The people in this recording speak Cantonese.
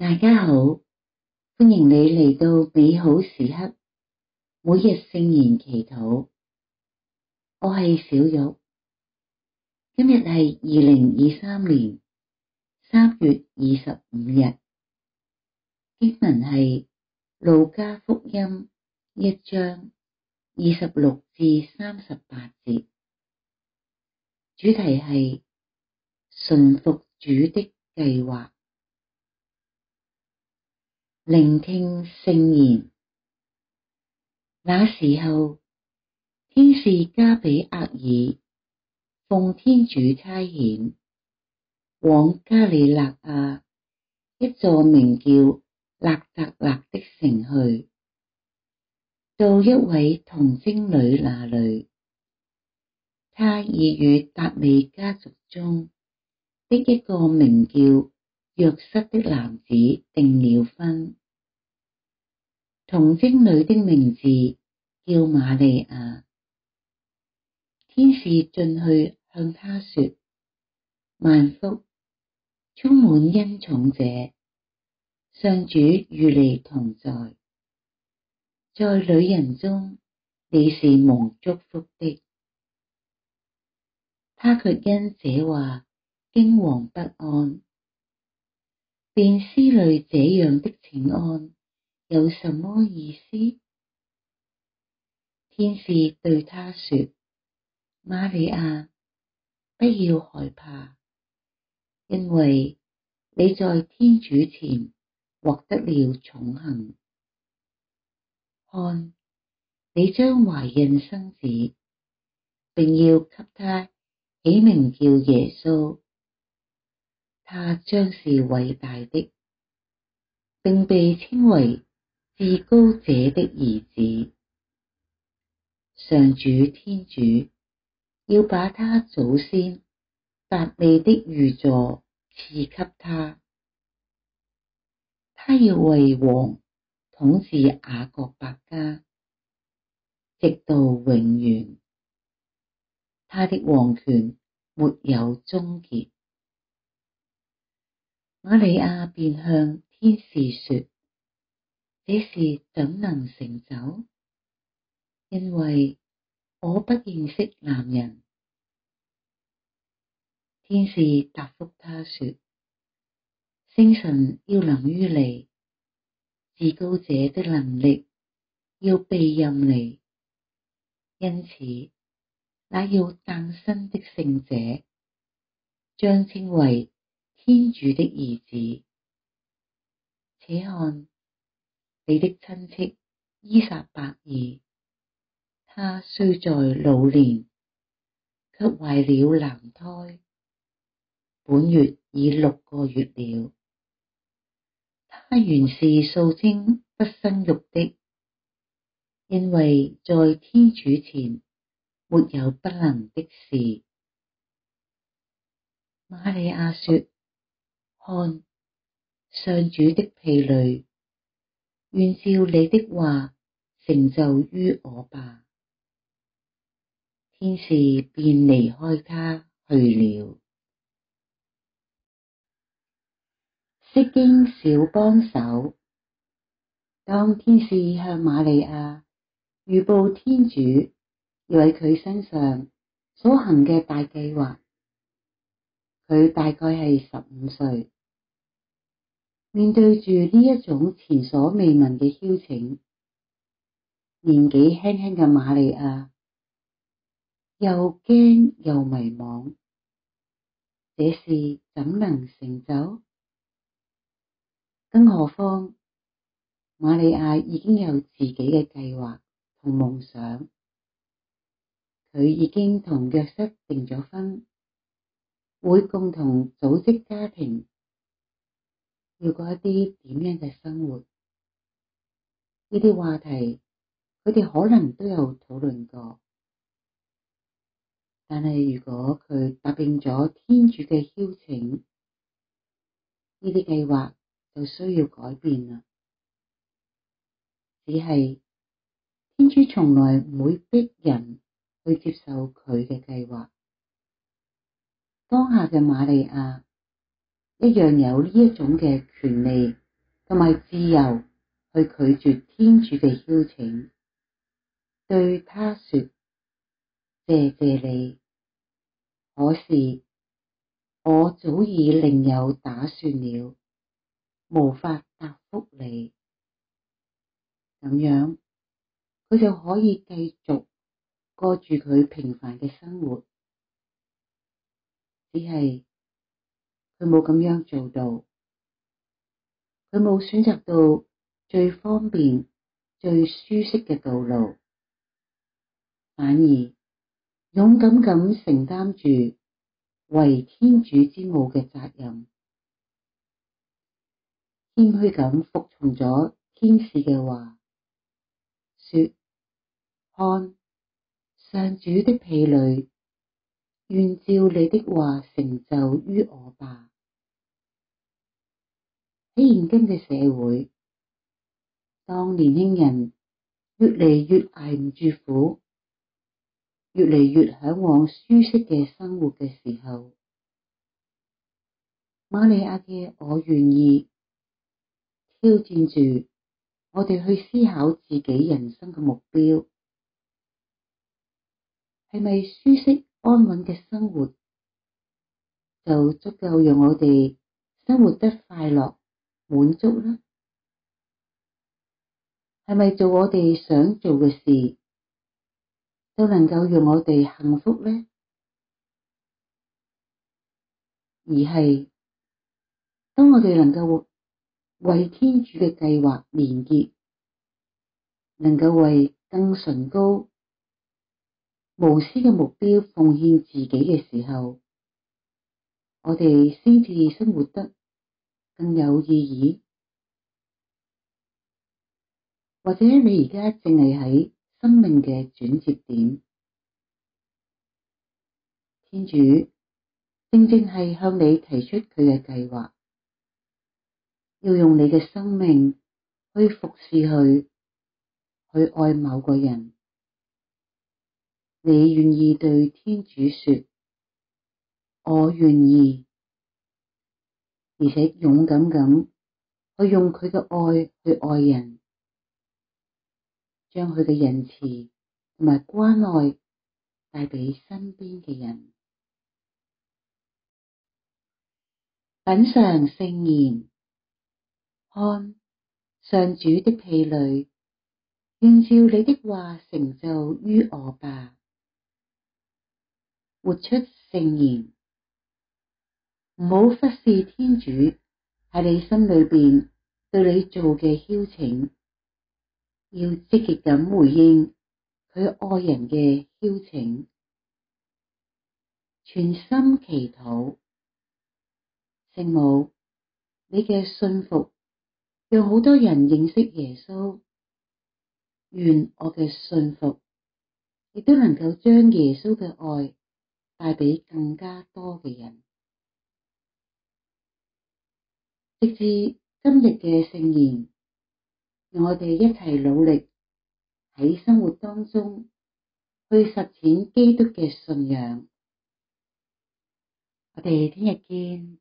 大家好，歡迎你嚟到美好時刻，每日聖言祈禱。我係小玉，今日係二零二三年三月二十五日，經文係《路加福音》一章二十六至三十八節，主題係順服主的計劃。聆聽聖言。那時候，天使加俾額爾奉天主差遣，往加里肋亞一座名叫納匝肋的城去，到一位童貞女那裡，她已與達味家族中的一個名叫若瑟的男子訂了婚。童貞女的名字叫瑪利亞，天使進去向她說：萬福，充滿恩寵者，上主與你同在。在女人中你是蒙祝福的。她却因這話驚惶不安，便思慮這樣的請安。有什麼意思？天使對他說：瑪利亞，不要害怕，因為你在天主前獲得了寵幸。看，你將懷孕生子，並要給他起名叫耶穌。他將是偉大的，並被稱為。至高者的兒子，上主天主要把他祖先達味的御座賜給他，他要為王統治雅各伯家，直到永遠，他的王權沒有終結。瑪利亞便向天使說。這事怎能成就？因為我不認識男人。天使答覆她說：聖神要臨於你，至高者的能力要庇廕你。因此，那要誕生的聖者將稱為天主的兒子。且看。你的親戚依撒伯爾，她雖在老年，卻懷了男胎。本月已六個月了。她原是素稱不生育的，因為在天主前沒有不能的事。瑪利亞說：看，上主的婢女！願照你的話成就於我吧！天使便離開他去了。釋經小幫手，當天使向瑪利亞預報天主要喺佢身上所行嘅大計劃，佢大概係十五歲。面對住呢一種前所未聞嘅邀請，年紀輕輕嘅瑪利亞又驚又迷惘：「這事怎能成就？」更何況瑪利亞已經有自己嘅計劃同夢想，佢已經同若瑟訂咗婚，會共同組織家庭。要過一啲點樣嘅生活，呢啲話題，佢哋可能都有討論過，但係如果佢答應咗天主嘅邀請，呢啲計劃就需要改變啦。只係天主從來唔會逼人去接受佢嘅計劃。當下嘅瑪利亞。一樣有呢一種嘅權利同埋自由去拒絕天主嘅邀請，對他説：謝謝你，可是我早已另有打算了，無法答覆你。咁樣，佢就可以繼續過住佢平凡嘅生活，只係。佢冇咁樣做到，佢冇選擇到最方便、最舒適嘅道路，反而勇敢咁承擔住為天主之母嘅責任，謙虛咁服從咗天使嘅話，說：「看，上主的婢女，願照你的話成就於我吧。喺現今嘅社會，當年輕人越嚟越捱唔住苦，越嚟越嚮往舒適嘅生活嘅時候，瑪利亞嘅我願意挑戰住我哋去思考自己人生嘅目標，係咪舒適安穩嘅生活就足夠讓我哋生活得快樂？滿足呢？係咪做我哋想做嘅事都能夠讓我哋幸福呢？而係當我哋能夠活為天主嘅計劃連結，能夠為更崇高無私嘅目標奉獻自己嘅時候，我哋先至生活得。更有意義，或者你而家正係喺生命嘅轉折點，天主正正係向你提出佢嘅計劃，要用你嘅生命去服侍佢，去愛某個人，你願意對天主說：我願意。而且勇敢咁去用佢嘅愛去愛人，將佢嘅仁慈同埋關愛帶畀身邊嘅人。品嚐聖言，看上主的婢女，願照你的話成就於我吧，活出聖言。唔好忽視天主喺你心裏邊對你做嘅邀請，要積極咁回應佢愛人嘅邀請，全心祈禱。聖母，你嘅順服讓好多人認識耶穌，願我嘅順服亦都能夠將耶穌嘅愛帶俾更加多嘅人。直至今日嘅聖言，讓我哋一齊努力喺生活當中去實踐基督嘅信仰。我哋聽日見。